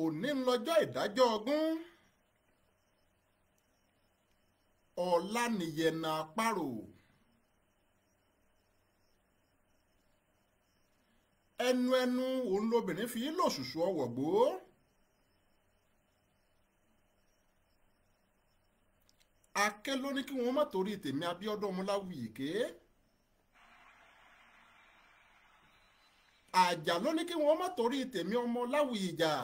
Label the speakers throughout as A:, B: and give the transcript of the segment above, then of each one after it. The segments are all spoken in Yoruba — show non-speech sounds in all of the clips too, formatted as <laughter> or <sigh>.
A: òní ńlọjọ́ ìdájọ́ ogún ọ̀la nìyẹ̀nà àparò ẹnu ẹnu òun lobìnrin fi lòṣùṣù ọwọ̀ gbó akẹ́ ló ní kí wọ́n má torí tèmi Abíọ́dún Ọmọláwì Ìké àjà ló ní kí wọ́n má torí tèmi Ọmọláwì ìjà.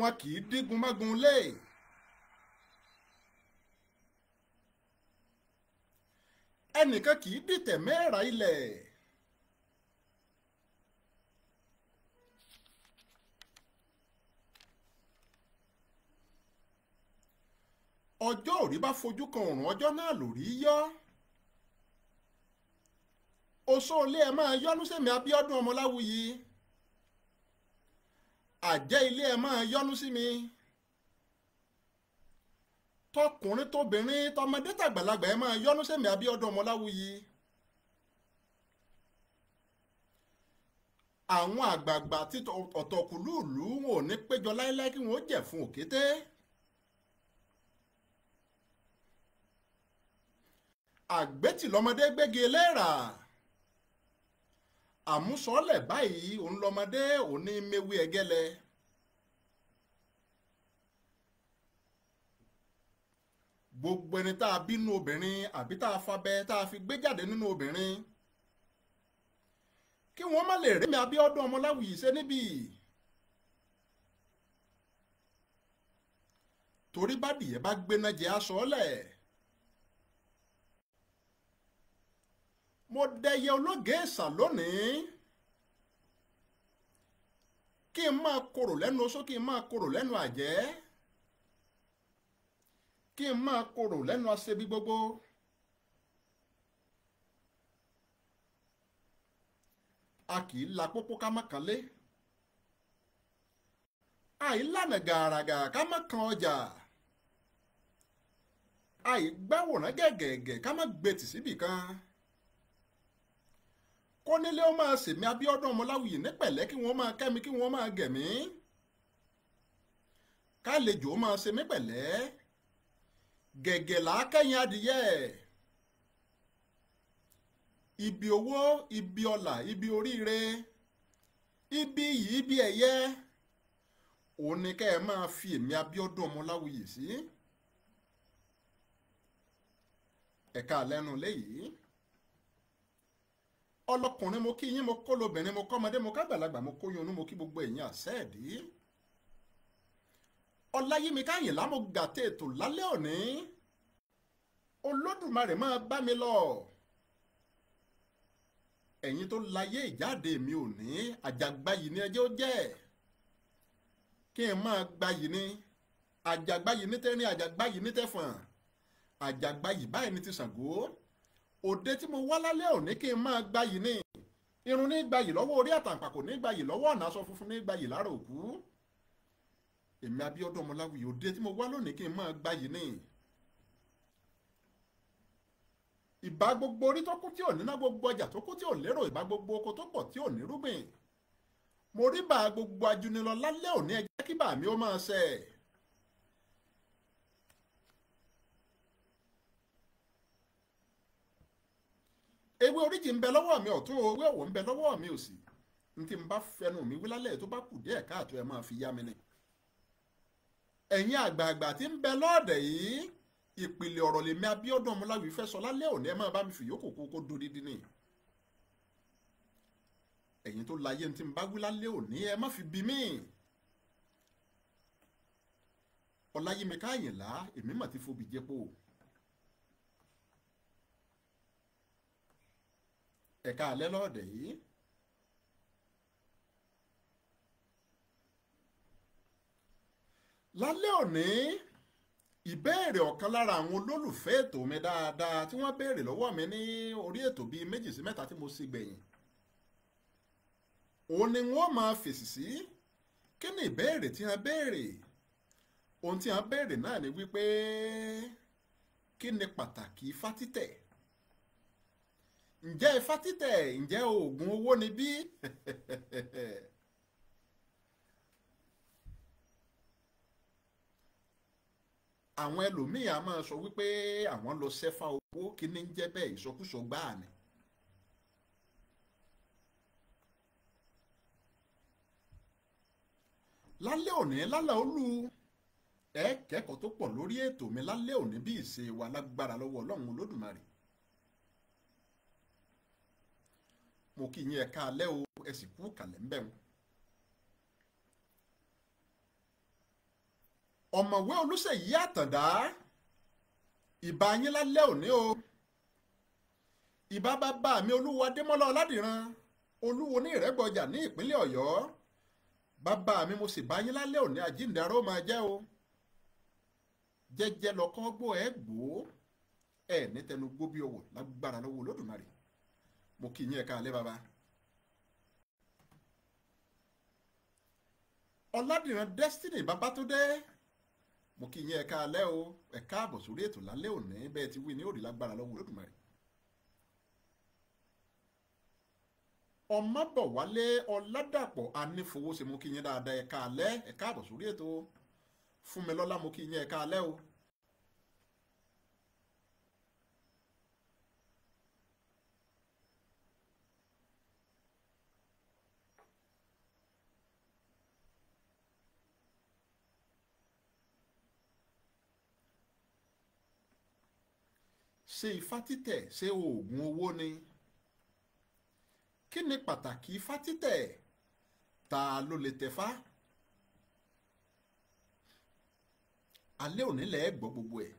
A: wọn kì í dígun mágun lé. ẹnìkan kì í dìtẹ̀ mẹ́ra ilẹ̀. ọjọ́ òrí bá fojú kan òrùn ọjọ́ náà lórí yọ́ oṣó ẹ máa yọ́nú sẹ́mi Abíọ́dún Ọmọláwuyì àjẹ́ ilé ẹ máa yọ́nú sí mi tọkùnrin tóbìnrin tọmọdé tàgbàlagbà ẹ máa yọ́nú sẹ́mi Abíọ́dún Ọmọláwuyì àwọn àgbààgbà tí ọ̀tọ̀kùlùlù wọn ò ní péjọ láéláé kí wọn ó jẹ̀ fún òkété. àgbẹ̀tì lọ́mọdé gbégi eléèrà àmúsọ́lẹ̀ báyìí òun lọmọdé òní mewé ẹgẹ́lẹ́ gbogbo ẹni tá a bínú obìnrin àbí tá a fabẹ tá a fi gbé jáde nínú obìnrin kí wọ́n má lè mi Abíọ́dún Ọmọláwùyí ṣe níbí torí bádìyẹ bá gbéná jẹ aṣọ ọlẹ̀. mo dẹyẹ ológe èsà lónìí kí n máa korò lẹ́nu oṣó kí n máa korò lẹ́nu àjẹ́ kí n máa korò lẹ́nu aṣebi gbogbo a kì í la pópó ká má kan lé àìlànà gàràgà ká má kan ọjà àìgbáwòrán gẹ̀gẹ̀gẹ̀ ká má gbètì síbì kan kónílé ó máa sèmi Abíọ́dún Ọmọláwuyì ní pẹ̀lẹ́ kí wọ́n máa kẹ́mi kí wọ́n máa gẹ̀mí kálejò ó máa ṣe mí pẹ̀lẹ́ gẹ̀gẹ̀ làákẹ́yìn adìyẹ ibi owó ibi ọlà ibi oríire ibi yìí ibi ẹ̀yẹ òun ni kẹ́ ẹ máa fi èmi Abíọ́dún Ọmọláwuyì sí ẹ̀ka lẹ́nu léyìí ọlọkùnrin mo kí yín mo kó lobìnrin mo kọ́mọdé mo kágbàlagbà mo kó yonú mo kí gbogbo èèyàn àṣẹ́ẹ̀dí ọláyímíkà àyìnlá mo gàtẹ́ ètò lálẹ́ òní olódùmarè máa bá mi lọ ẹ̀yin tó láyé ìjáde mi ò ní àjàgbáyì ni ẹjẹ́ ó jẹ́ kí n máa gbayì ni àjàgbáyì ní tẹ́rin àjàgbáyì ní tẹ́fọ̀n àjàgbáyì báyìí ní ti Ṣàngó òde tí mo wá lálẹ́ òní kí n máa gbayì ní irun ní gbayì lọ́wọ́ orí àtàǹpàkò ní gbayì lọ́wọ́ ọ̀nà aṣọ funfun ní gbayì lára òkú èmi Abíọ́dún Ọmọláwuyì òde tí mo wá lónìí kí n máa gbayì ní ìbá gbogbo orí tó kú tí ò níná gbogbo ọjà tó kú tí ò lérò ìbá gbogbo oko tó pọ̀ tí ò nírúgbìn mo rí bá gbogbo ajunilọ lálẹ́ òní ẹ kí bàmí ó máa ṣe ewé oríjì ń bẹ lọ́wọ́ mi ọ̀tún ewé ọ̀wọ̀ ń bẹ lọ́wọ́ mi òsì n tí n bá fẹnu mi wílálẹ̀ tó bá kù díẹ̀ káàtó ẹ máa fi yá mi ni. ẹ̀yin àgbààgbà tí ń bẹ lọ́ọ̀dẹ̀ yìí ìpìlẹ̀ ọ̀rọ̀ lèmi Abíọ́dún Ọmọláwí fẹ́ sọ lálẹ́ òní ẹ máa bá mi fìyókò kó kó dodidi ni. ẹ̀yin tó láyé n tí n bá wílálẹ̀ òní ẹ má fi bí mí. Ọláyími Káyìnlá èmi mà ti fobi jẹ́pọ̀ o. ẹ̀ka alẹ́ lọ́ọ̀dẹ̀ yìí. lálẹ́ òní ìbéèrè ọ̀kan lára àwọn olólùfẹ́ ètò mi dáadáa tí wọ́n béèrè lọ́wọ́ mi ní orí ètò bíi méjì sí mẹ́ta tí mo sì gbẹ̀yìn òun ni wọ́n máa fèsì sí kí ni ìbéèrè tí wọ́n béèrè ohun tí wọ́n béèrè náà ni wípé kí ni pàtàkì ifá ǹjẹ́ ifá títẹ̀ ǹjẹ́ oògùn owó ni bí? <laughs> àwọn ẹlòmíì a máa sọ wípé àwọn lọ sẹ́fà owó kíní ń jẹ́ bẹ́ẹ̀ ìsọkúsọ gbáà ni. lálẹ́ òní lálẹ́ olú ẹ kẹ́kọ̀ọ́ tó pọ̀ lórí ètò mi lálẹ́ òní bí ìṣe wa lágbára lọ́wọ́ ọlọ́run olódùmarè mo kí yín ẹ káalẹ́ o ẹ sì kú kàlẹ́ ń bẹ̀ wọ́n. ọ̀mọ̀wé olùṣèyí àtàndá ìbà yín lálẹ́ òní o ìbà bàbá mi olúwa adémọ́lá ọládìran olúwo ní ìrẹ́gbọ̀jà ní ìpínlẹ̀ ọ̀yọ́ bàbá mi mo sì bá yín lálẹ́ òní àjíǹdaró máa jẹ́ o jẹ́jẹ́ lọ́kọ́ gbọ́ ẹ gbòó ẹ ní tẹnu gbó bí ọwọ́ lágbára lọ́wọ́ olódùmarè mo kì í yín ẹ̀ka àlẹ́ bàbá. ọ̀làdìran destiny babatunde mo kì í yín ẹ̀ka àlẹ́ o ẹ̀ka àbọ̀ sórí ètò lálẹ́ òní bẹ́ẹ̀ ti wí ní òrì lágbára lọ́wọ́ olódùmarè. ọmọbọ̀wálé ọ̀làdàpọ̀ anífowóṣe mo kì í yín dáadáa ẹ̀ka àlẹ́ ẹ̀ka àbọ̀ sórí ètò fúnmilọ́lá mo kì í yín ẹ̀ka àlẹ́ o. ṣé ifá títẹ̀ ṣe oògùn owó ni kí ni pàtàkì ifá títẹ̀ ta ló lè tẹ̀fá alẹ́ òní lẹ́ẹ̀ gbọ́ gbogbo ẹ̀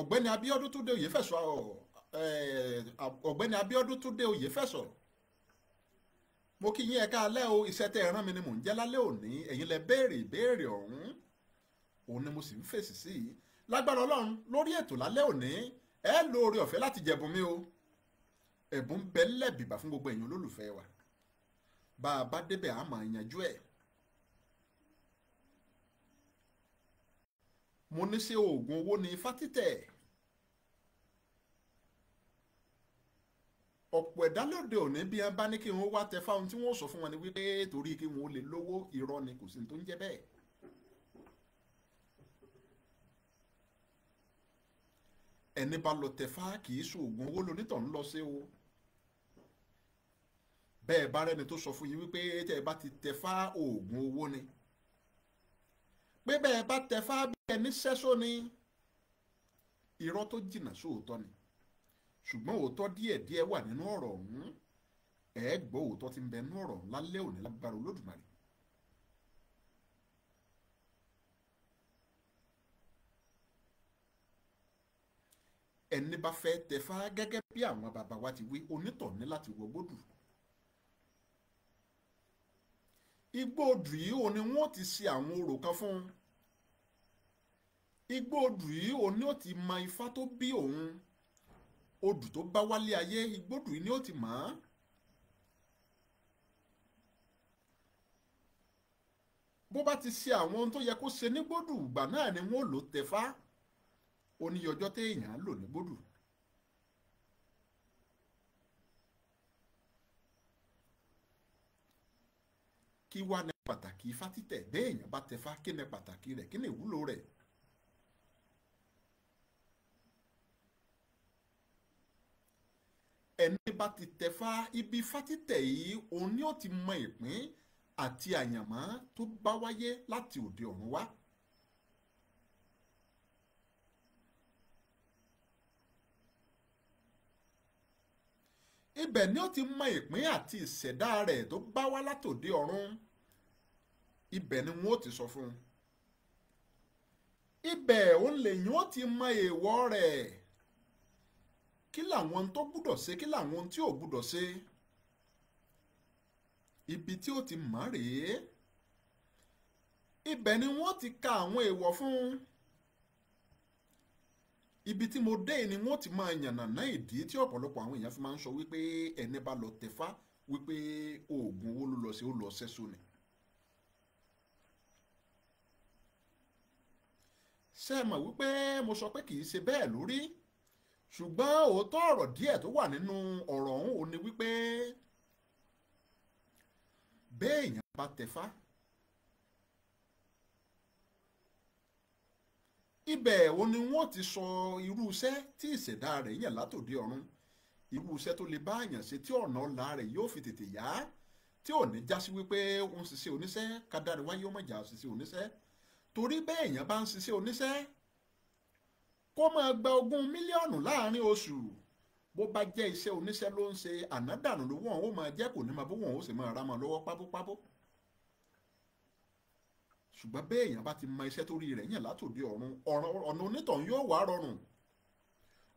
A: ọ̀gbẹ́ni Abíọ́dún tó dé òye fẹ̀sọ̀ ọ̀gbẹ́ni Abíọ́dún tó dé òye fẹ̀sọ̀ mo kí yín ẹ̀ka alẹ́ o iṣẹ́ tẹ́ ẹ mi ni mò ń jẹ́ lálẹ́ òní ẹ̀yin lẹ béèrè ìbéèrè ọ̀hún òun ni mo sì ń fèsì sí i lágbára ọlọ́run lórí ètò lálẹ́ òní ẹ lo oore ọ̀fẹ́ láti jẹ̀bùn mi o ẹ̀bùn bẹ lẹ́bìbà fún gbogbo èèyàn olólùfẹ́ wa bá a bá débẹ̀ a máa yanjú ẹ̀. mo ní ṣe oògùn owó ní ifá títẹ̀ ọ̀pọ̀ ẹ̀dá lóde òní bí wọ́n bá ní kí wọ́n wá tẹ fáwọn tí wọ́n sọ fún wọn ni wípé torí kí wọ́n lè lówó irọ́ ni kò sí ní tó ń jẹ́ bẹ́ẹ̀. ẹni bá lọ tẹ̀fá kì í ṣoògùn owó lonítọ̀ ń lọ sí o bẹ́ẹ̀ bá rẹ́ni tó sọ fún yín wípé tẹ́ ẹ bá ti tẹ̀fá oògùn owó ni pé bẹ́ẹ̀ bá tẹ̀fá bí ẹni sẹ́só ni irọ́ tó jìnnà sóòótọ́ ni ṣùgbọ́n òótọ́ díẹ̀díẹ̀ wà nínú ọ̀rọ̀ ọ̀hún ẹ̀ òótọ́ tí ń bẹ nínú ọ̀rọ̀ lálẹ́ òní lágbára olódùmarè ẹni bá fẹ́ tẹ̀fá gẹ́gẹ́ bí àwọn bàbá wa ti wí onítọ̀ ní láti wọ gbódù. igbó odù yìí ò ní wọ́n ti ṣe àwọn orò kan fún un igbó odù yìí ò ní ó ti mọ ifá tó bí òun odù tó bá wálé ayé igbó odù yìí ni ó ti mọ̀ á. bó bá ti ṣe àwọn ohun tó yẹ kó ṣe nígbódù ìgbà náà ni wọ́n lò tẹ̀fá ó ní ọjọ́ téèyàn lò ní bódù kí wá ní pàtàkì ifá títẹ̀ béèyàn bá tẹ̀fá kí ni pàtàkì rẹ̀ kí ni ìwúlò rẹ̀. ẹni bá ti tẹ̀fá ibi ifá títẹ̀ yìí òun ni ó ti mọ ìpín àti àyànmọ́ tó bá wáyé láti òde ọ̀run wá. ibẹ̀ ni ó ti mọ ìpín àti ìṣẹ̀dá rẹ̀ tó bá wá látòdì ọ̀run ibẹ̀ ni wọn ó ti sọ fún un ibẹ̀ òun lèyìn ó ti mọ èèwọ̀ rẹ̀ kí làwọn tó gbúdọ̀ ṣe kí làwọn tí ò gbúdọ̀ ṣe ibi tí ó ti mọ̀ rèé ibẹ̀ ni wọ́n ti ka àwọn èèwọ̀ fún un ibi tí mo dé ni wọ́n ti máa yànnàná ìdí tí ọ̀pọ̀lọpọ̀ àwọn èèyàn fi máa ń sọ wípé ẹni bá lọ tẹ̀fá wípé oògùn owó ló lọ sí ó lọ sẹ́sọ ni. ṣé ẹ mọ̀ wípé mo sọ pé kì í ṣe bẹ́ẹ̀ lórí ṣùgbọ́n òótọ́ ọ̀rọ̀ díẹ̀ tó wà nínú ọ̀rọ̀ ọ̀hún ò ní wípé béèyàn bá tẹ̀fá ibẹ̀ ò ní wọ́n ti sọ irú iṣẹ́ tí ìṣẹ̀dá rẹ̀ yàn látòdì ọ̀run irú iṣẹ́ tó lè bá àyàn ṣe tí ọ̀nà ọ̀la rẹ̀ yóò fi tètè yá tí ò ní jásí wípé òun ṣiṣẹ́ oníṣẹ́ kádàrí wáyé ó mọ̀jà ṣiṣẹ́ oníṣẹ́ torí bẹ́ẹ̀ èèyàn bá ń ṣiṣẹ́ oníṣẹ́ kó máa gba ogún mílíọ̀nù láàrin oṣù bó bá jẹ́ iṣẹ́ oníṣẹ́ ló ń ṣe ànádànù lówó òun ó máa jẹ́ kò ní máa bó wọn ó sì máa ra máa lọ́wọ́ pábópábó. Pábó ṣùgbọ́n bẹ́ẹ̀ èèyàn bá ti mọ iṣẹ́ tó rí rẹ̀ yàn látòdì ọ̀run ọ̀nà onítàn yóò wá rọrùn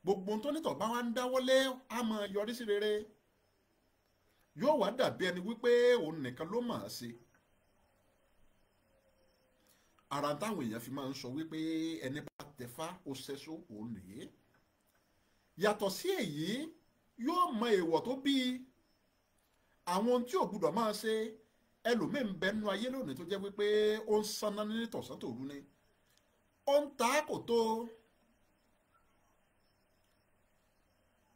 A: gbogbo tó nítàn bá wá ń dáwọ́lé á máa yọrí sí rere yóò wá dàbí ẹni wípé òun nìkan ló mọ̀ ọ́ sí ara táwọn èèyàn fi máa ń sọ wípé ẹni bá tẹ̀fá ó ṣẹ́só òun nìyí yàtọ̀ sí èyí yóò mọ èèwọ̀ tó bíi àwọn ohun tí ò gbúdọ̀ máa ṣe ẹlòmíín ń bẹnu ayé lónìí tó jẹ́ wípé ó ń sanná ní tọ̀sán tòru ni ó ń ta kò tó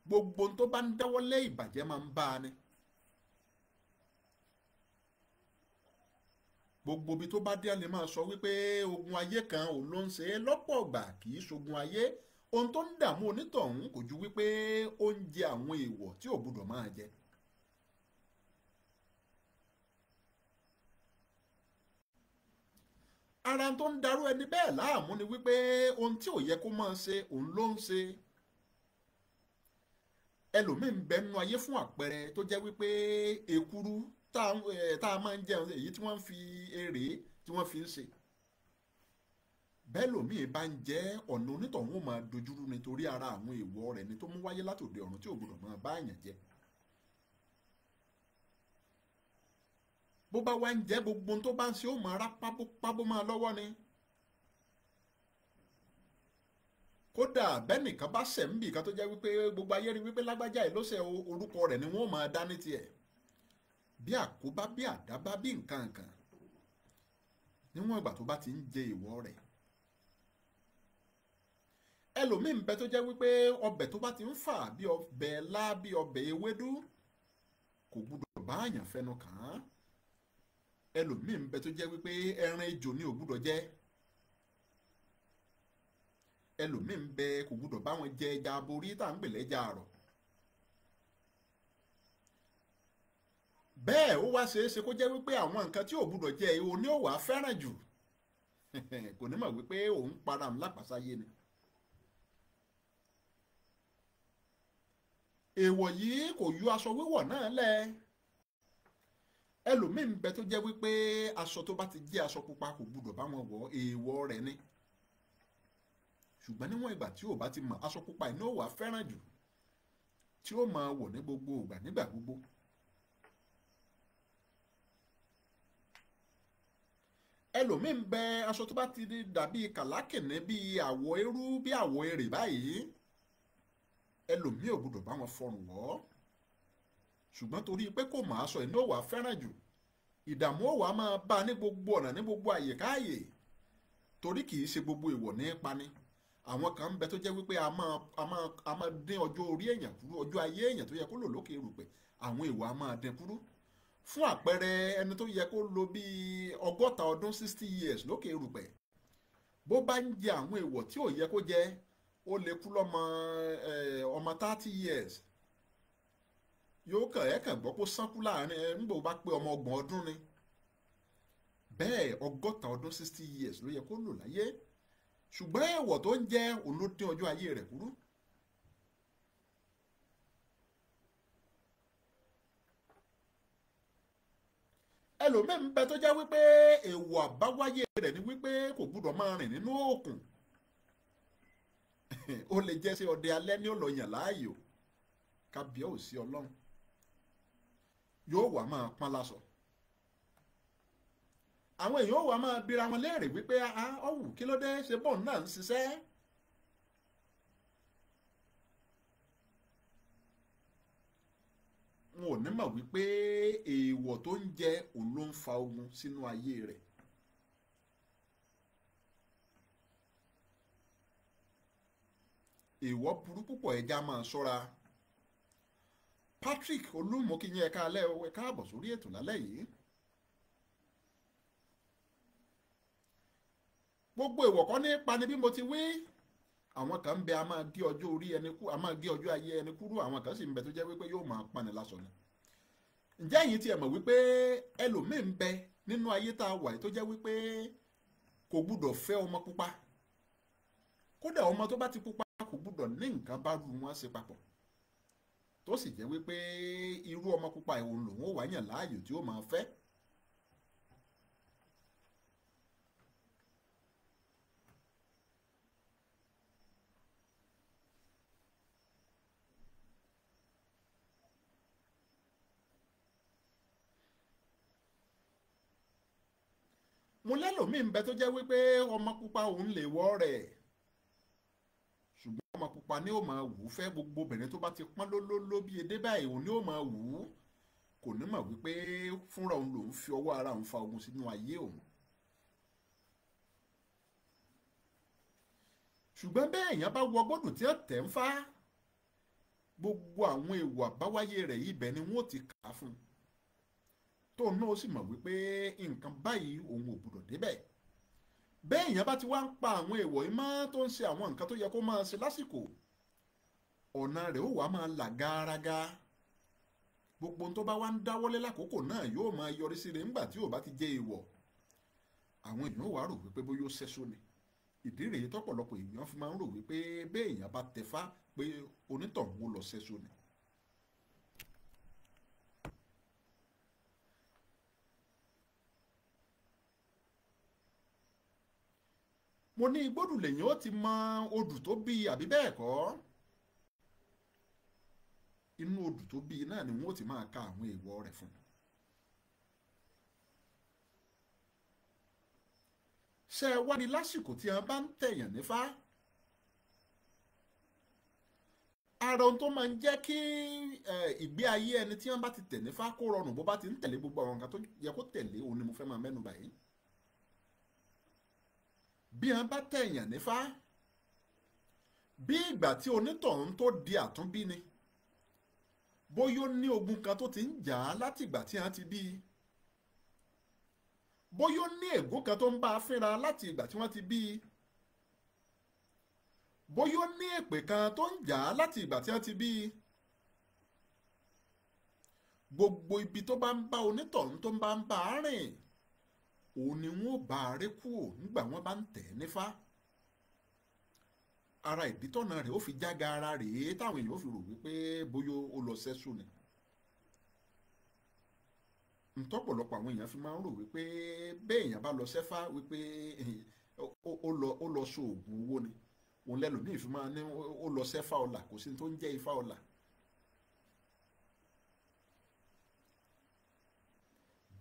A: gbogbo tó bá ń dáwọ́lé ìbàjẹ́ máa ń bá a ni gbogbo ibi tó bá dé a máa sọ wípé ogun ayé kan ò ló ń ṣe é lọ́pọ̀ ọ̀gbà kì í ṣogun ayé ohun tó ń dààmú onítọ̀hún kò ju wípé ó ń jẹ àwọn èèwọ̀ tí ò gbọdọ̀ máa jẹ. ara tó ń darú ẹni bẹ́ẹ̀ láàmú ni wípé ohun tí ò yẹ kó máa ṣe òun ló ń ṣe ẹlòmíì ń bẹ nínú ayé fún àpẹẹrẹ tó jẹ́ wípé èkuru tá a máa ń jẹun èyí tí wọ́n fi èrè tí wọ́n fi ń ṣe bẹ́ẹ̀ lòmíì bá ń jẹ́ ọ̀nà onítọ̀hún máa dojúrú nítorí ara àwọn èèwọ̀ rẹ̀ ni tó mú wáyé látòde ọ̀run tí ò máa bá àyàn jẹ́ bó bá wá ń jẹ́ gbogbo tó bá ń ṣe ó máa rá pábó máa lọ́wọ́ ni. kódà bẹ́nìkan bá ṣẹ̀ ń bì kan tó jẹ́ wípé gbogbo ayé rí wípé lágbájá yìí ló ṣe orúkọ rẹ̀ ni wọ́n máa dá ní tiẹ̀ bí àkóbá bí àdábá bí nǹkan kan níwọ̀n ìgbà tó bá ti ń jẹ ìwọ rẹ̀ ẹlòmíín bẹ tó jẹ́ wípé ọbẹ̀ tó bá ti ń fà bí ọbẹ̀ lá bí ọbẹ̀ ewédú kò gbúdọ̀ báàyàn fẹnu kàn án ẹlòmíì ń bẹ tó jẹ́ wípé ẹran ejò ni ò gbúdọ̀ jẹ ẹlòmíì ń bẹ kò gbúdọ̀ bá wọn jẹ ẹja aborí tá à ń pèlẹ́ ẹja àrọ̀ bẹ́ẹ̀ ó wá ṣeé ṣe kó jẹ́ wípé àwọn nǹkan tí ò gbúdọ̀ jẹ ìhò ni ó wà á fẹ́ràn jù <laughs> kò ní mọ̀ wípé òun para mi lápasáyé ni. èèwọ̀ yìí kò yọ aṣọ wíwọ̀ náà lẹ́ẹ̀ ẹlòmíín bẹ tó jẹ́ wípé aṣọ tó bá ti jẹ́ aṣọ pupa kò gbúdọ̀ bá wọn wọ̀ èèwọ̀ rẹ̀ ni ṣùgbọ́n níwọ̀n ìgbà tí ò bá ti mọ̀ aṣọ pupa iná wà fẹ́ràn jù tí ó máa wọ̀ ní gbogbo ìgbà nígbà gbogbo. ẹlòmíín bẹ aṣọ tó bá ti dàbí kàlákìní bí àwọ̀ eérú bí àwọ̀ erè báyìí ẹlòmíín ò gbúdọ̀ bá wọn fọrùn wọ̀ ṣùgbọ́n torí pé kò mọ̀ aṣọ ìní òwà fẹ́ràn jù ìdààmú òwà máa bá ní gbogbo ọ̀nà ní gbogbo àyèkáàyè torí kì í ṣe gbogbo ìwọ̀ ní pani àwọn kan ń bẹ tó jẹ́ wípé a máa dín ọjọ́ orí èèyàn kúrú ọjọ́ ayé èèyàn tó yẹ kó lò lókè erùpẹ̀ àwọn ìwà máa dín kúrú fún àpẹẹrẹ ẹni tó yẹ kó lo bíi ọgọ́ta years lókè erùpẹ̀ bó bá ń jẹ àwọn ìwọ̀ tí ò yẹ kó jẹ ó lè kú lọ́mọ years yóò kàn ẹ́ kàn gbọ́ pé ó sánkú láàrin ẹ nígbà ó bá pé ọmọ ọgbọ̀n ọdún ni bẹ́ẹ̀ ọgọ́ta ọdún sixty years ló yẹ kó lò láyé ṣùgbọ́n ẹ̀wọ̀ tó ń jẹ́ olódín ọjọ́ ayé rẹ̀ kúrú. ẹlòmíín ń bẹ tó jẹ́ wípé èèwọ̀ àbáwáyé rẹ̀ ni wípé kò gbúdọ̀ máa rìn nínú òkun <laughs> ó lè jẹ́ sí ọdẹ alẹ́ ní ọ̀lọ́yàn láàyò kábíyà ò sí ọlọ́run. yóò wà máa pọ́n lásọ àwọn èèyàn ò wà máa bira wọn léèrè wípé ọ̀wù kí ló dé ṣe bọ́ọ̀n náà ń ṣiṣẹ́ wọn ò ní mọ̀ wípé èèwọ̀ tó ń jẹ òun ló ń fa ogun sínú ayé rẹ̀ èèwọ̀ burú púpọ̀ ẹja máa ṣọ́ra. Patrick olúmọkìyìn ẹ̀ka alẹ́ o ẹ̀ka àbọ̀ sórí ètò lálẹ́ yìí. gbogbo ìwọ̀kọ́ ní pani bí mo ti wí àwọn kan ń bẹ a máa gé ọjọ́ orí ẹni kú a máa gé ọjọ́ ayé ẹni kúrú àwọn kan sì ń bẹ tó jẹ́ wípé yóò máa pani lásán ni. ǹjẹ́ ẹ̀yin tiẹ̀ mọ̀ wípé ẹlòmíì ń bẹ nínú ayé tá a wà tó jẹ́ wípé kò gbúdọ̀ fẹ́ ọmọ pupa kódà ọmọ tó bá ti pupa kò gbúdọ̀ ní nǹkan bá rú wọn ṣe papọ̀ tó sì jẹ́ wípé irú ọmọ pupa ìhòòhùn lòun ò wáyàn láàyò tí ó máa fẹ́. mo lẹ́lòmíì ń bẹ tó jẹ́ wípé ọmọ pupa òun lè wọ́ rẹ̀ ọmọ pupa ni ó máa wù ú fẹ́ gbogbo obìnrin tó bá ti pọ́n lólóló bí edé báyìí òun ni ó máa wù ú kò ní mọ̀ wípé fúnra òun lòun fi ọwọ́ ara òun fa ogun sínú ayé òun. ṣùgbọ́n bẹ́ẹ̀ èèyàn bá wọ gbọ́dọ̀ tí wọ́n tẹ̀ ń fá gbogbo àwọn èèwọ̀ àbáwáyé rẹ̀ ibẹ̀ ni wọ́n ti kà á fún un tóun náà sì mọ̀ wípé nǹkan báyìí òun ò gbọdọ̀ débẹ̀ bẹ́ẹ̀ èèyàn bá ti wá ń pa àwọn èèwọ̀ yìí mọ́ tó ń ṣe àwọn nǹkan tó yẹ kó máa ṣe lásìkò ọ̀nà rẹ̀ ó wàá máa là gáárágá gbogbo tó bá wá ń dáwọ́lé lákòókò náà yóò máa yọrí sí rẹ̀ ńgbà tí ò bá ti jẹ́ èèwọ̀ àwọn èèyàn wàá rò wípé bóyá ó ṣẹ́ṣó ni ìdí rèé tọ́pọ̀lọpọ̀ èèyàn fi máa ń rò wípé bẹ́ẹ̀ èèyàn bá tẹ̀fá pé onítọ̀hún lọ ṣẹ́ṣó ni mo ní igbódù lèyìn ó ti mọ odù tó bí àbí bẹ́ẹ̀ kọ́ inú odù tó bí náà ni wọn ó ti máa ka àwọn èèwọ̀ rẹ̀ fún un. ṣe é wá ní lásìkò tí a bá ń tẹ̀yàn nífá ara ohun tó máa ń jẹ́ kí ìgbé ayé ẹni tí wọ́n bá ti tẹ̀ nífá kó rọrùn bó bá ti ń tẹ̀lé gbogbo àwọn nǹkan tó yẹ kó tẹ̀lé òun ni mo fẹ́ máa mẹ́nu báyìí bí wọn bá tẹ̀yàn nífá bí ìgbà tí onítọ̀hún tó di àtúnbí ni bóyá ó ní ogun kan tó ti ń jà á látìgbà tí wọn ti bí i bóyá ó ní ègún kan tó ń bá a fínra láti tí wọ́n ti bí i bóyá ó ní èpè kan tó ń jà á láti tí wọ́n ti bí i gbogbo ibi tó bá ń bá onítọ̀hún tó ń bá ń bá a rìn òun ni wọn ò bá aré kúrò nígbà wọn bá ń tẹ̀ ẹ́ nífá ara ìdí tọ́nà rẹ̀ ó fi jága ara rèé táwọn èèyàn ó fi rò wípé bóyá ó lọ sẹ́sù ni ntọ́pọ̀lọpọ̀ àwọn èèyàn fi máa ń rò wípé bẹ́ẹ̀ èèyàn bá lọ sẹ́fá wípé ó lọ sóògùn owó ni òun lẹ́lòmíì fi máa ní ó lọ sẹ́fá ọ̀la kò sí tó ń jẹ́ ifá ọ̀la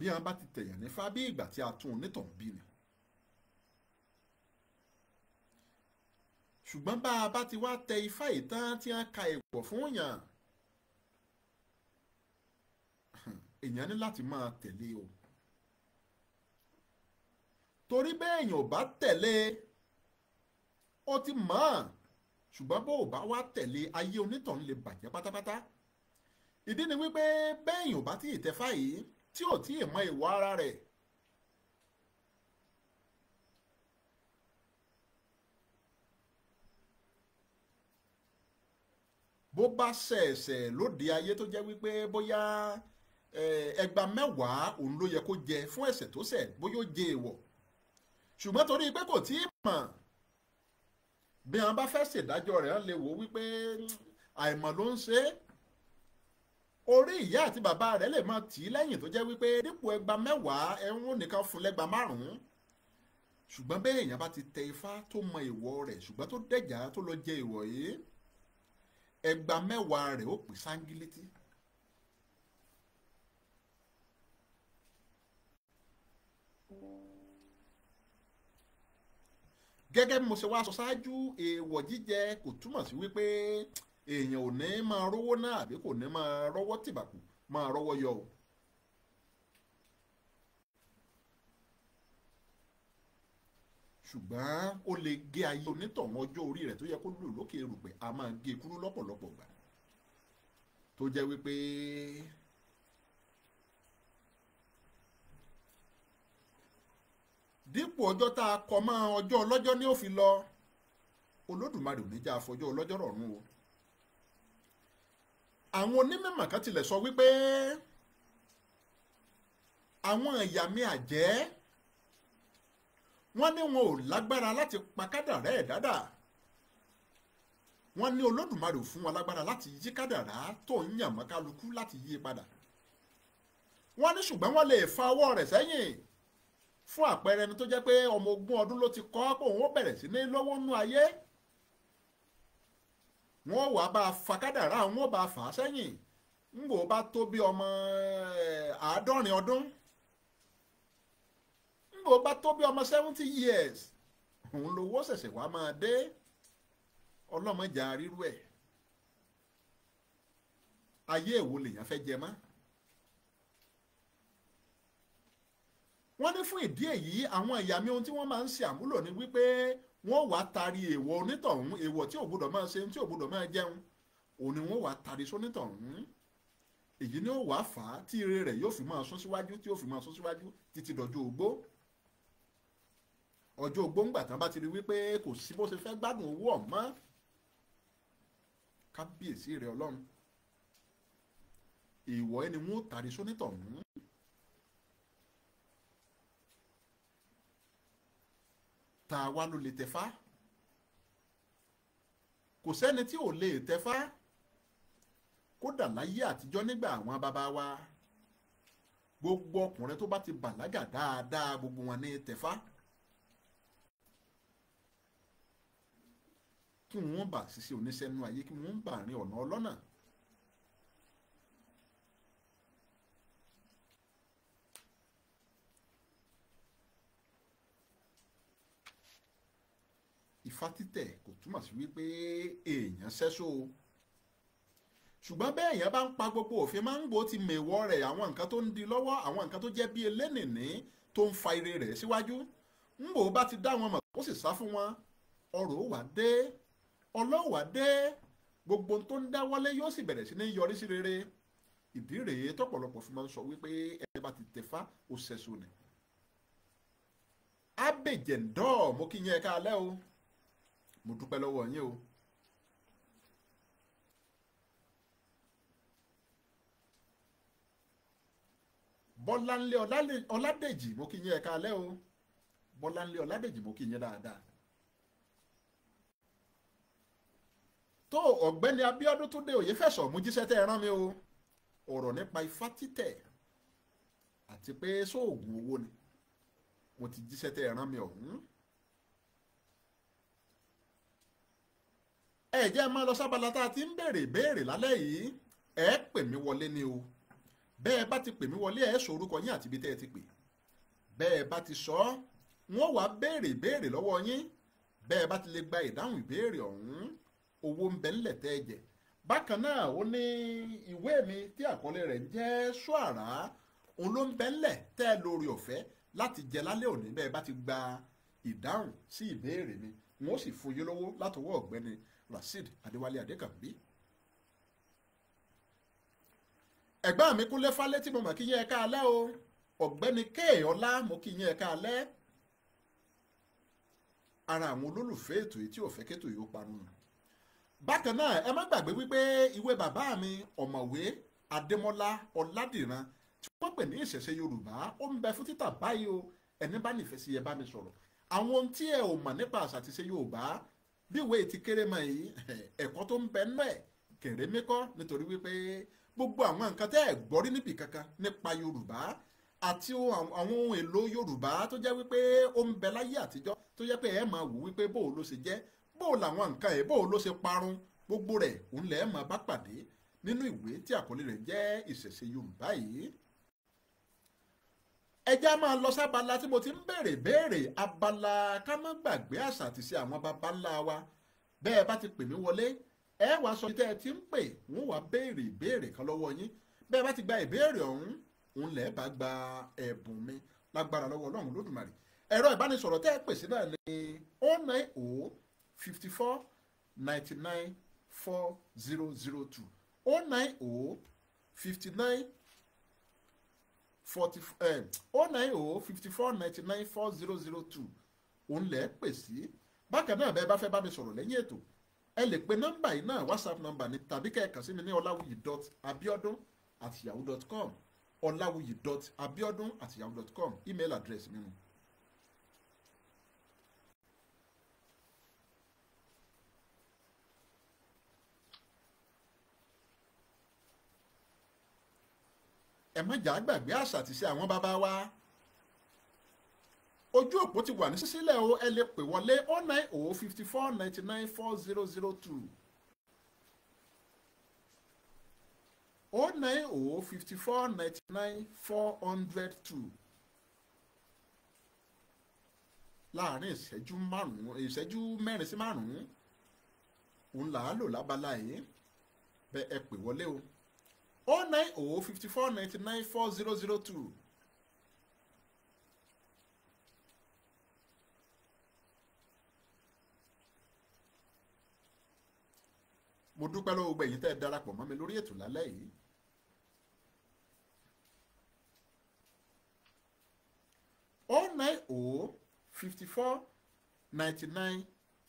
A: bí àwọn bá ti tẹ̀yàn nífà bí ìgbà tí a tún onítàn bí ni. ṣùgbọ́n bá a bá ti wá tẹ ifá ìtàn tí a ka èèwọ̀ fún yàn èèyàn ní láti máa tẹ̀lé o torí bẹ́ẹ̀ èèyàn ò bá tẹ̀lé ó ti mọ̀ ọ́n ṣùgbọ́n bó o bá wá tẹ̀lé ayé onítàn lè bàjẹ́ pátápátá ìdí ni wípé bẹ́ẹ̀ èèyàn ò bá tí ì fáyìí tí ò tí ì mọ ìwà ara rẹ̀. bó bá ṣẹ̀ṣẹ̀ lóde ayé tó jẹ́ wípé bóyá ẹgba mẹ́wàá òun ló yẹ kó jẹ fún ẹ̀ṣẹ̀ tó ṣẹ̀ bóyá ó jẹ èèwọ̀ ṣùgbọ́n torí pé kò tí ì mọ̀ bí wọn bá fẹ́ ṣèdájọ́ rẹ̀ lè wò wípé hmm, àìmọ̀ ló ń ṣe é orí ìyá àti bàbá rẹ̀ lè máa tì í lẹ́yìn tó jẹ́ wípé dípò ẹgbàá mẹ́wàá ẹ̀hún nìkan fún lẹ́gbàá márùn-ún ṣùgbọ́n bẹ́ẹ̀ èèyàn bá ti tẹ ifá tó mọ èèwọ̀ rẹ̀ ṣùgbọ́n tó dẹ̀jà tó lọ jẹ èèwọ̀ yìí ẹgbàá mẹ́wàá rẹ̀ ó pín sángílétí. gẹ́gẹ́ bí mo ṣe wá sọ ṣáájú èèwọ̀ jíjẹ kò túmọ̀ sí wípé èèyàn ò ní máa rówó náà àbí kò ní máa rọ́wọ́ tìbàkù máa rọ́wọ́ yọ o. ṣùgbọ́n ó lè gé ayé onítọ̀hún ọjọ́ orí rẹ̀ tó yẹ kó lò lókè rùpẹ̀ a máa gé e kúrú lọ́pọ̀lọpọ̀ gbà tó jẹ́ wípé dípò ọjọ́ tá a kọ́ mọ́ ọjọ́ ọlọ́jọ́ ni ó fi lọ Olódùmarè ò ní já afọjọ́ ọlọ́jọ́ rọ̀rùn o. àwọn onímọ̀ kan tilẹ̀ sọ wípé àwọn ẹ̀yàmí àjẹ́ wọ́n ní wọn ò lágbára láti pa kádàrá ẹ̀ dáadáa wọ́n ní olódùmarè fún wọn lágbára láti yí kádàrá tó ń yàn mọ́ kálukú láti yí padà wọ́n ní ṣùgbọ́n wọ́n lè fa ọwọ́ rẹ̀ sẹ́yìn fún àpẹẹrẹ ẹni tó jẹ́ pé ọmọ ogún ọdún ló ti kọ́ pé òun ó bẹ̀rẹ̀ sí ní lọ́wọ́ ayé wọ́n wà bá a fa kádàrá bá a fà á sẹyìn ń wò bá tó bí ọmọ àádọ́rin ọdún ń wò bá tó bí ọmọ seventy years òun lowó ṣẹ̀ṣẹ̀ wá máa dé ọlọ́mọjà ríru ẹ̀ ayé èwo lèèyàn fẹ́ jẹ mọ́. wọ́n ní fún ìdí èyí àwọn ìyá ohun tí wọ́n máa ń ṣe àmúlò ni wípé wọ́n wá tari èèwọ̀ onítọ̀hún èèwọ̀ tí ò gbọdọ̀ máa ṣe tí ò gbọdọ̀ máa jẹun òní wọ́n wá tari sónítọ̀hún èyí ni ó wá fà á tí ire rẹ̀ yóò fi máa sún síwájú tí yóò fi máa sún síwájú títí dọjọ́ ogbó ọjọ́ ogbó ńgbà tán bá ti rí wípé kò sí bó ṣe fẹ́ gbádùn owó ọ̀mọ́ kábíyèsí rẹ̀ ọlọ́run ìwọ ẹni wọn tari sónítọ̀hún tá a wá ló lè tẹ̀fá kò sẹ́ni tí ò lè tẹ̀fá kódà láyé àtijọ́ nígbà àwọn bàbá wa gbogbo ọkùnrin tó bá ti bàlágà dáadáa gbogbo wọn ní tẹ̀fá kí wọ́n bá ṣiṣẹ́ oníṣẹ́ nínú ayé kí wọ́n bá rin ọ̀nà ọlọ́nà. ifá títẹ̀ kò túmọ̀ sí wípé èèyàn ṣẹ́ṣó o ṣùgbọ́n bẹ́ẹ̀ èèyàn bá ń pa gbogbo òfin máa ń gbó ti mèwọ́ rẹ̀ àwọn nǹkan tó ń di lọ́wọ́ àwọn nǹkan tó jẹ́ bí elénìní tó ń fa ire rẹ̀ síwájú ń bò bá ti dá wọn mọ̀ ó sì sá fún wọn ọrọ̀ wà dé ọlọ́wà dé gbogbo tó ń dá wọlé yóò sì bẹ̀rẹ̀ sí ní yọrí sí rere ìdí rèé tọ́pọ̀lọpọ̀ fi máa ń sọ wípé ẹ bá ti tẹ̀fá ó ṣẹ̀ṣù ni. abèjẹ̀ndọ́ọ̀ mo kí yẹn ká o mo dúpẹ́ lọ́wọ́ yín o. bọ́láńlé ọládèjì mo kí yín ẹ̀ka alẹ́ o bọ́láńlé ọládèjì mo kí yín dáadáa. tó ọ̀gbẹ́ni abíọ́dún túndé òyefẹ̀sọ̀ mú jíṣẹ́ tẹ́ ẹ rán mi o ọ̀rọ̀ nípa ifá títẹ̀ àti pé sóògùn owó ni mo ti jíṣẹ́ tẹ́ ẹ rán mi ọ̀hún. Hmm? ẹ jẹ́ máa lọ sábàlá tá a ti ń béèrè béèrè lálẹ́ yìí ẹ pè mí wọlé ni o bẹ́ẹ̀ bá ti pè mí wọlé ẹ sọ orúkọ yín àti ibi tẹ́ ẹ ti pè bẹ́ẹ̀ bá ti sọ wọ́n wàá béèrè béèrè lọ́wọ́ yín bẹ́ẹ̀ bá ti lè gba ìdáhùn ìbéèrè ọ̀hún owó ń bẹ ńlẹ̀ tẹ́ ẹ jẹ bákan náà ó ní ìwé mi tí àkọlé rẹ̀ ń jẹ́ ṣọ́ara òun ló ń bẹ ńlẹ̀ tẹ́ ẹ lórí ọ̀fẹ́ láti jẹ lálẹ́ òní bẹ́ẹ̀ bá ti gba ìdáhùn sí ìbéèrè mi wọ́n sì fún yín látọwọ́ ọ̀gbẹ́ni rasheed adéwálé adékànbí ẹ̀gbọ́n mi kúnlé fálẹ́ tí mo mọ̀ kí yẹn ẹ̀ka alẹ́ o ọ̀gbẹ́ni kéèyọ́lá mo kí yẹn ẹ̀ka alẹ́ ara àwọn olólùfẹ́ ètò yìí tí ò fẹ́ kétò yìí ó parun bákan náà ẹ má gbàgbé wípé ìwé bàbá mi ọ̀mọ̀wé adémọ́lá ọládìran tí wọ́n pè ní ìṣẹ̀ṣe yorùbá ó ń bẹ fún títà báyìí o ẹni bá nífẹ̀ẹ́ sí ẹ bá mi sọ̀rọ̀ àwọn ohun tí ẹ ò mọ̀ nípa àṣà àti ṣe yorùbá bí ìwé ti kéré mọ yìí <laughs> ẹ̀kọ́ tó ń bẹ nínú ẹ̀ kéré mẹ́kọ́ nítorí wípé gbogbo àwọn nǹkan tẹ́ ẹ̀ gbọ́rí níbì kankan nípa Yorùbá àti àwọn ohun èlò Yorùbá tó jẹ́ wípé ó ń bẹ láyé àtijọ́ tó jẹ́ pé ẹ̀ máa wò wípé bó ló ṣe jẹ́ bó làwọn nǹkan ẹ̀ bó ló ṣe parun gbogbo rẹ̀ òun lẹ̀ ẹ̀ máa bá pàdé nínú ìwé tí àkọlé rẹ̀ jẹ́ ìṣẹ̀ṣe Yorùbá yìí ẹjẹ́ a máa lọ sábala tí mo ti ń béèrè béèrè abala ká má gbàgbé àṣà àti ṣe àwọn baba wa bẹ́ẹ̀ bá ti pè mí wọlé ẹ wá sọ tẹ́ ẹ ti ń pè wọ́n wá béèrè ìbéèrè kan lọ́wọ́ yín bẹ́ẹ̀ bá ti gba ìbéèrè ọ̀hún òun lẹ́ẹ̀ bá gba ẹ̀bùn mi lágbára lọ́wọ́ ọlọ́run lódùmarè ẹ̀rọ ìbánisọ̀rọ̀ tẹ́ ẹ pè sí náà ni o oh nine o oh fifty four ninety nine four zero zero two o oh nine o fifty nine forty eh, oh nine oh fifty four ninety nine four zero zero two òun lẹ̀ pè sí bákan náà bẹ́ẹ̀ bá fẹ́ bá mi sọ̀rọ̀ lẹ́yìn ètò ẹ lè pe nọ́mbà yìí náà whatsapp nọ́mbà ni tàbí kẹ́ ẹ kàn sí mi ní ọláwùyí dot abiodun at yahoo dot com ọláwùyí dot abiodun at yahoo dot com email address mi nù. ẹ má jà á gbàgbé àṣà àti ṣe àwọn bàbá wa ojú òpó ti wà ní sísílẹ̀ o ẹ lè pè wọlé 090 54 99 4002 090 four 99 402 láàrin ìṣẹ́jú márùn-ún ìṣẹ́jú mẹ́rin sí márùn-ún òun là á lò lábala yìí bẹ́ẹ̀ ẹ pè wọlé o 090 54 99 4002. mo dúpẹ́ lọ́wọ́ gbẹ̀yìn tẹ́ ẹ darapọ̀ mọ́ mi lórí ètò lálẹ́ yìí. o oh nine o oh fifty four ninety nine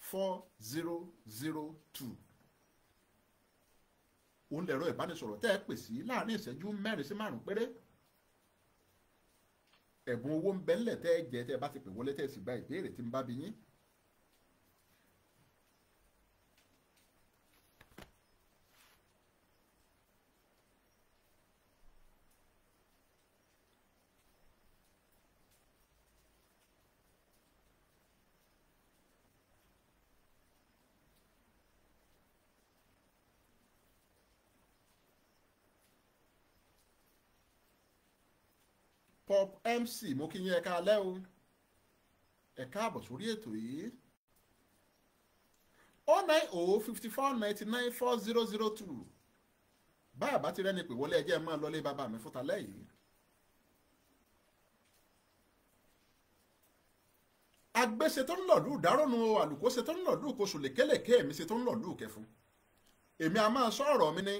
A: four zero zero two òun lẹ̀rọ ìbánisọ̀rọ̀ tẹ́ ẹ pè sí láàrin ìṣẹ́jú mẹ́rin sí márùn péré ẹ̀bùn owó ń bẹ ńlẹ̀ tẹ́ ẹ jẹ tẹ́ ẹ bá ti pè wọlé tẹ́ ẹ sì gba ìbéèrè tí ń bá bi yín Pop MC mo kí yín ẹ̀ka alẹ́ o ẹ káàbọ̀ sórí ètò yìí o oh nine o oh fifty four ninety nine four zero zero two bá a bá ti rẹ́ni pè wọlé ẹjẹ́ máa lọlé bàbá mi fúta lẹ́yìn. agbése tó ń lọ̀lú ìdárónú o àlùkò ṣe tó ń lọ̀lú kò sùn lékelèké mi ṣe tó ń lọ̀lú kẹfun èmi a máa sọ ọ̀rọ̀ mi ní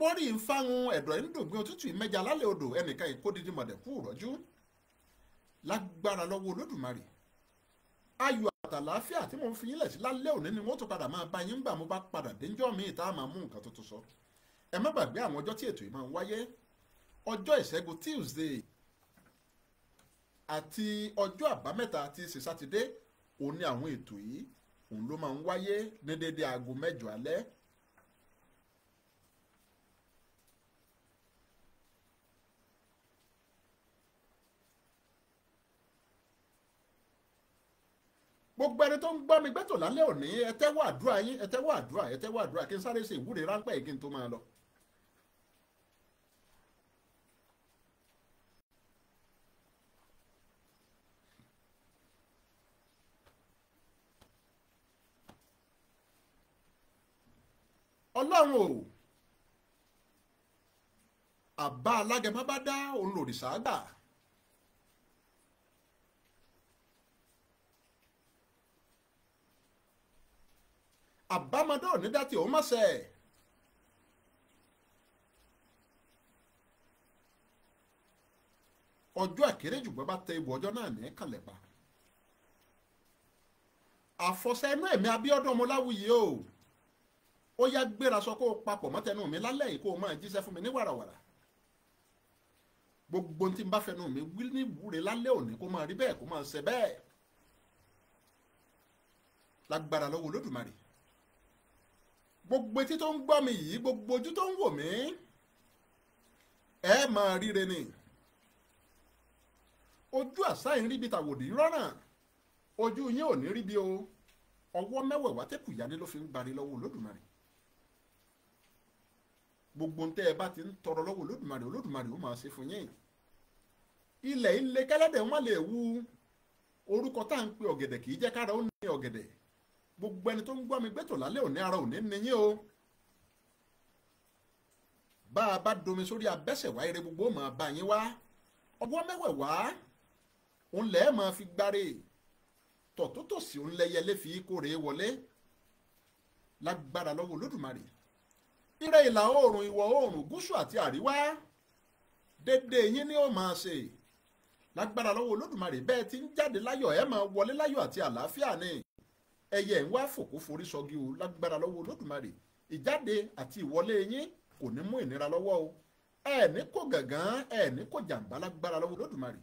A: pórí ń fáhun ẹ̀dọ̀ ìdògbìn òtútù ìmẹ́jà lálẹ́ odò ẹnìkan ìkódìdí mọ̀dẹ̀kú rọ́jú lágbára lọ́wọ́ olódùmarè ayọ̀ àtàlàáfíà tí mo ń fi yín lẹ̀ sí lálẹ́ òní ni wọ́n tún padà máa bá yín gbà mo bá padà déjọ́ mi ìta máa mú nǹkan tuntun sọ ẹ má gbàgbé àwọn ọjọ́ tí ètò yìí máa ń wáyé ọjọ́ ìṣẹ́gun Tuesday àti ọjọ́ àbámẹ́ta àti ṣe sátidé òun ni àwọn ètò yìí òun ló máa ń wáyé ní déédéé aago mẹ́jọ alẹ́ gbogbo ẹni tó ń gbọ́ mi gbẹ́tò lálẹ́ òní ẹ tẹ́wọ́ àdúrà yín ẹ tẹ́wọ́ àdúrà ẹ tẹ́wọ́ àdúrà kí n sáré ṣe ìwúre ráńpẹ́ yìí kí n tó máa lọ. ọlọ́run o àbá alágẹmọ́ bá dá òun lòdì sáà gbà. àbámọ̀dá òní dá tí òun má ṣe. ọjọ́ àkéré jùgbọ́n bá tẹ ibò ọjọ́ náà ní kànlẹ̀ pa. àfọ̀ṣẹ́ inú ẹ̀mí Abíọ́dún Ọmọláwuyì o ó yá gbéra sọ kó o papọ̀ mọ́tẹnu mi lálẹ́ yìí kó o máa jíṣẹ́ fún mi ní wàràwàrà gbogbo tí n bá fẹnu mi wí ní ìwúre lálẹ́ òní kó máa rí bẹ́ẹ̀ kó máa ṣe bẹ́ẹ̀ lágbára lọ́wọ́ Olódùmarè gbogbo etí tó ń gbọ́ mi yìí gbogbo ojú tó ń wò mí ẹ máa ríre ni ojú àṣà yìí ríbi tàwòdì rọ́ràn ojú yín ò ní ríbi o ọwọ́ mẹ́wẹ̀ẹ̀wá tẹ́kù yálé ló fi ń gbani lọ́wọ́ olódùmarè gbogbo ń tẹ́ ẹ bá ti ń tọrọ lọ́wọ́ olódùmarè olódùmarè ó máa ṣe fún yín ilẹ̀ ilé kẹlẹ́dẹ̀ wọn lè wu orúkọ tá à ń pe ọ̀gẹ̀dẹ̀ kì í jẹ́ kára ó ní ọ̀gẹ̀dẹ̀ gbogbo ẹni tó ń gbọ́ mi gbẹ́tò lálẹ́ òní ara òní nìyí o bá a bá domi sórí abẹ́sẹ̀wá eré gbogbo ó máa bá yín wá ọwọ́ mẹ́wẹ̀wá òun lẹ́ẹ̀ máa fi gbáre tọ̀tọ̀tọ̀sí òun lẹ́yẹlé fi kórè wọlé lágbára lọ́wọ́ olódùmarè ire ìlà oòrùn ìwọ̀ oòrùn gúúsù àti àríwá dédé yín ni ó máa ṣe lágbára lọ́wọ́ olódùmarè bẹ́ẹ̀ ti ń jáde láyọ̀ ẹ máa wọlé láyọ̀ àti àlàáfíà ni ẹyẹ ń wá fòkó forí sọgi o lágbára lọ́wọ́ olódùmarè ìjáde àti ìwọlé yín kò ní mú ìnira lọ́wọ́ o ẹ̀ẹ́ni kò gàngán ẹ̀ẹ́ni kò jàǹbá lágbára lọ́wọ́ olódùmarè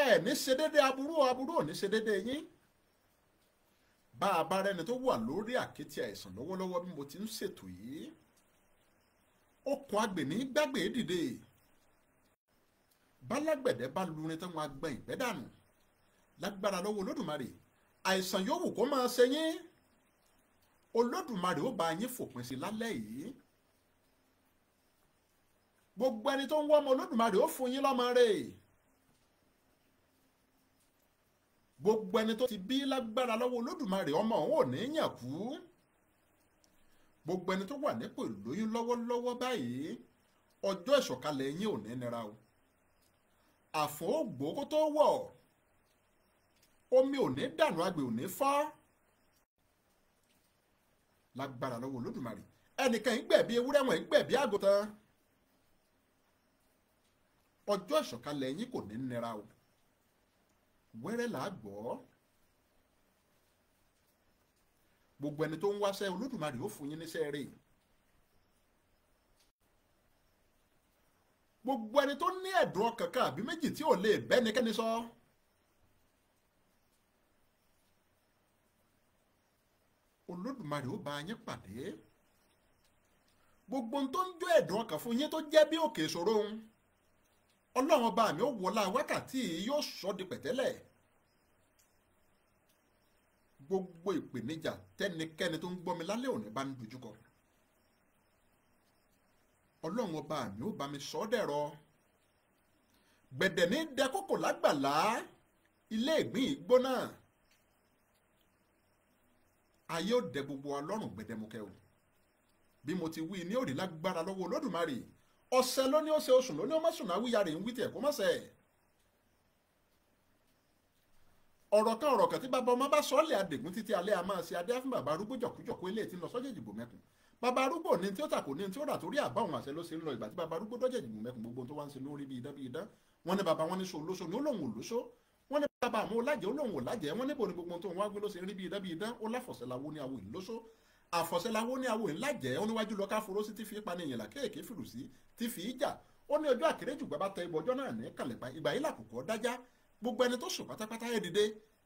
A: ẹ ní ṣe déédé aburú aburú ò ní ṣe déédé yín bá a bá rẹni tó wà lórí àkẹ́tì àìsàn lọ́wọ́lọ́wọ́ bí mo ti ń ṣètò yìí okùn agbèmí gbàgbé dìde bálágbẹ̀dẹ bá lurin tán wọn agbọn ìgbẹ́ dànù lágbára lọ́wọ́ olódùmarè àìsàn yóò wù kó máa ṣe yín olódùmarè ó bá yín fòpin sí lálẹ́ yìí gbogbo ẹni tó ń wá ọmọ olódùmarè ó fún yín lọ́mọ rẹ̀ gbogbo ẹni tó ti bí lágbára lọ́wọ́ olódùmarè ọmọ òun ò ní yàn kú gbogbo ẹni tó wà nípò ìlóyún lọ́wọ́lọ́wọ́ báyìí ọjọ́ ìṣọ̀kalẹ̀ yín ò ní nira o àfọ̀n ó gbó kó tó wọ̀ omi ò ní dànù agbè ò ní fọ́ lágbára lọ́wọ́ olódùmarè ẹnìkan ìgbẹ̀bí ewúrẹ́ wọn ìgbẹ̀bí àgùntàn ọjọ́ ìṣọ̀kalẹ̀ yín kò ní nira o wẹ́rẹ́ là á gbọ́ gbogbo ẹni tó ń wáṣẹ́ olódùmarè ó fún yín níṣẹ́ rèé. gbogbo ẹni tó ní ẹ̀dùn ọkàn kan àbí méjì tí ò lè bẹ́nikẹ́ni sọ. olódùmarè ó bá yín pàdé gbogbo ohun tó ń jó ẹ̀dùn ọkàn fún yín tó jẹ́ bí òkè ìṣòro ń ọlọ́run ọba mi ó wọlá wákàtí yóò sọ di pẹ̀tẹ́lẹ̀ gbogbo ìpèníjà tẹ́nikẹ́ni tó ń gbọ́ mi lálẹ́ òní bá ń dojúkọ ọlọ́run ọba mi ó bá mi sọ ọ́ dẹ̀rọ gbẹ̀dẹ̀ ní dẹkókò lágbàlá ilé ìgbín ìgbóná ayé ó dẹ gbogbo ọlọ́run gbẹdẹmukẹ o bí mo ti wí ní òrì lágbára lọ́wọ́ olódùmarè ọ̀sẹ̀ lóní ó ṣe oṣù lóní ó má sùn náà wíyá rẹ̀ ń wí tiẹ̀ kó má ṣe ọ̀rọ̀ kan ọ̀rọ̀ kan tí bàbá ọmọ bá sọ ọ́ lẹ̀ adègún títí alẹ́ a máa adé fún bàbá arúgbó jọ̀kújọ̀kú ilé tí ìdìbò mẹ́kùn bàbá arúgbó ní tí ó tà kò ní tí ó rà torí àbá òun àṣẹ ló ṣe ń lọ ìgbà tí bàbá arúgbó dọ́jẹ̀ jìgbìmọ̀ ẹkùn gbogbo tó wá ń ṣe lórí bí idán bí idán wọ́n ní bàbá wọn ní so olóso ní olóhùn olóso wọ́n ní bàbá àwọn olájẹ olóhùn olájẹ wọ́n níbo ni gbogbo tó ń wá gbé ló ṣe ń rí bí idán bí idán ó láfọ̀ṣẹ́láwó ní awo ìlóso àfọ̀ṣẹ́láwó ní awo ńlájẹ́ ó níwájú lọ ká foró sí tí fi pa ní ìyìnlá kéèké fìlù sí tí fi jà ó ní ọjọ́ àkérèjù bàbá tẹ ibò ọjọ́ náà ní kàlẹ́pà ìgbà yìí làkùkọ dájá gbogbo ẹni tó sùn pátápátá ẹ dìde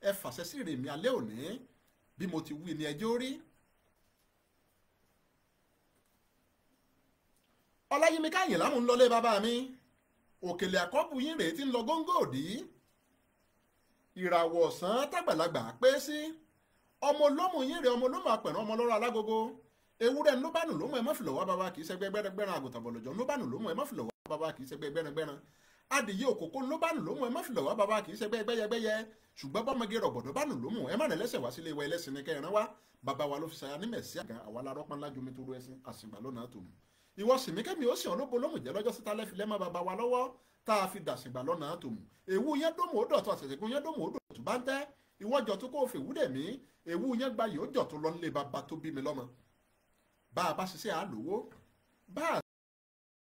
A: ẹ fàṣẹ sí ìrèmí alẹ́ òní bí mo ti wí ni ẹjọ́ rí ọláyímíkà àyìnlá mò ń lọlé bàbá mi òkèlè àkọ́bù yín rèé tí ń lọ góńgó òdì ìràwọ̀ ọ̀sán tágbàlagbà pé sí ọmọ olómù yín rèé ọmọ olómù apẹ̀rán ọmọ ọlọ́rọ̀ alágogo ewúrẹ́ ń ló bá nù ló mú ẹ mọ́fìlọ̀ wá bàbá kì í ṣẹgbẹ́ gbẹ́rẹ́gbẹ́rán àgùntàn bọ̀lọ̀jọ̀ ń ló bá nù ló mú ẹ mọ́fìlọ̀ wá bàbá kì í ṣẹgbẹ́ gbẹ́rẹ́gbẹ́rán adìyẹ òkòkò ló bá nù ló mú ẹ mọ́fìlọ̀ wá bàbá kì ṣẹgbẹ́ gbẹ́yẹgbẹ́yẹ ṣùgbọ́n bọ́mọge rọ̀gbọ̀dọ̀ bá nù ló mú lẹ́sẹ̀ wá sílé ìwà ẹlẹ́sìn ni kẹrin wá bàbá wa ló fi ṣaya nímẹ̀ sí àgàn àwa la lájú mi tó ru ẹsìn àsìgbà lọ́nà àtòmù ìwọ sì mí kẹ́mi ó sì hàn lóbo lóhùn jẹ́ lọ́jọ́ síta lẹ́fìlẹ́ má bàbá wa lọ́wọ́ tá a fi dàsìgbà lọ́nà àtòmù èwu yẹn dòmò ó dọ̀tọ̀ àṣẹ̀ṣẹ̀kùn yẹn dòmò ó dọ̀tọ̀ bá ń tẹ́ ìwọ́jọ tó kó fèwú dẹ̀ mí èwu yẹn gbayì ó jọ̀ tó lọ bàbá tó bí mi lọ́mọ bá a bá ṣiṣẹ́ àlòwó bá a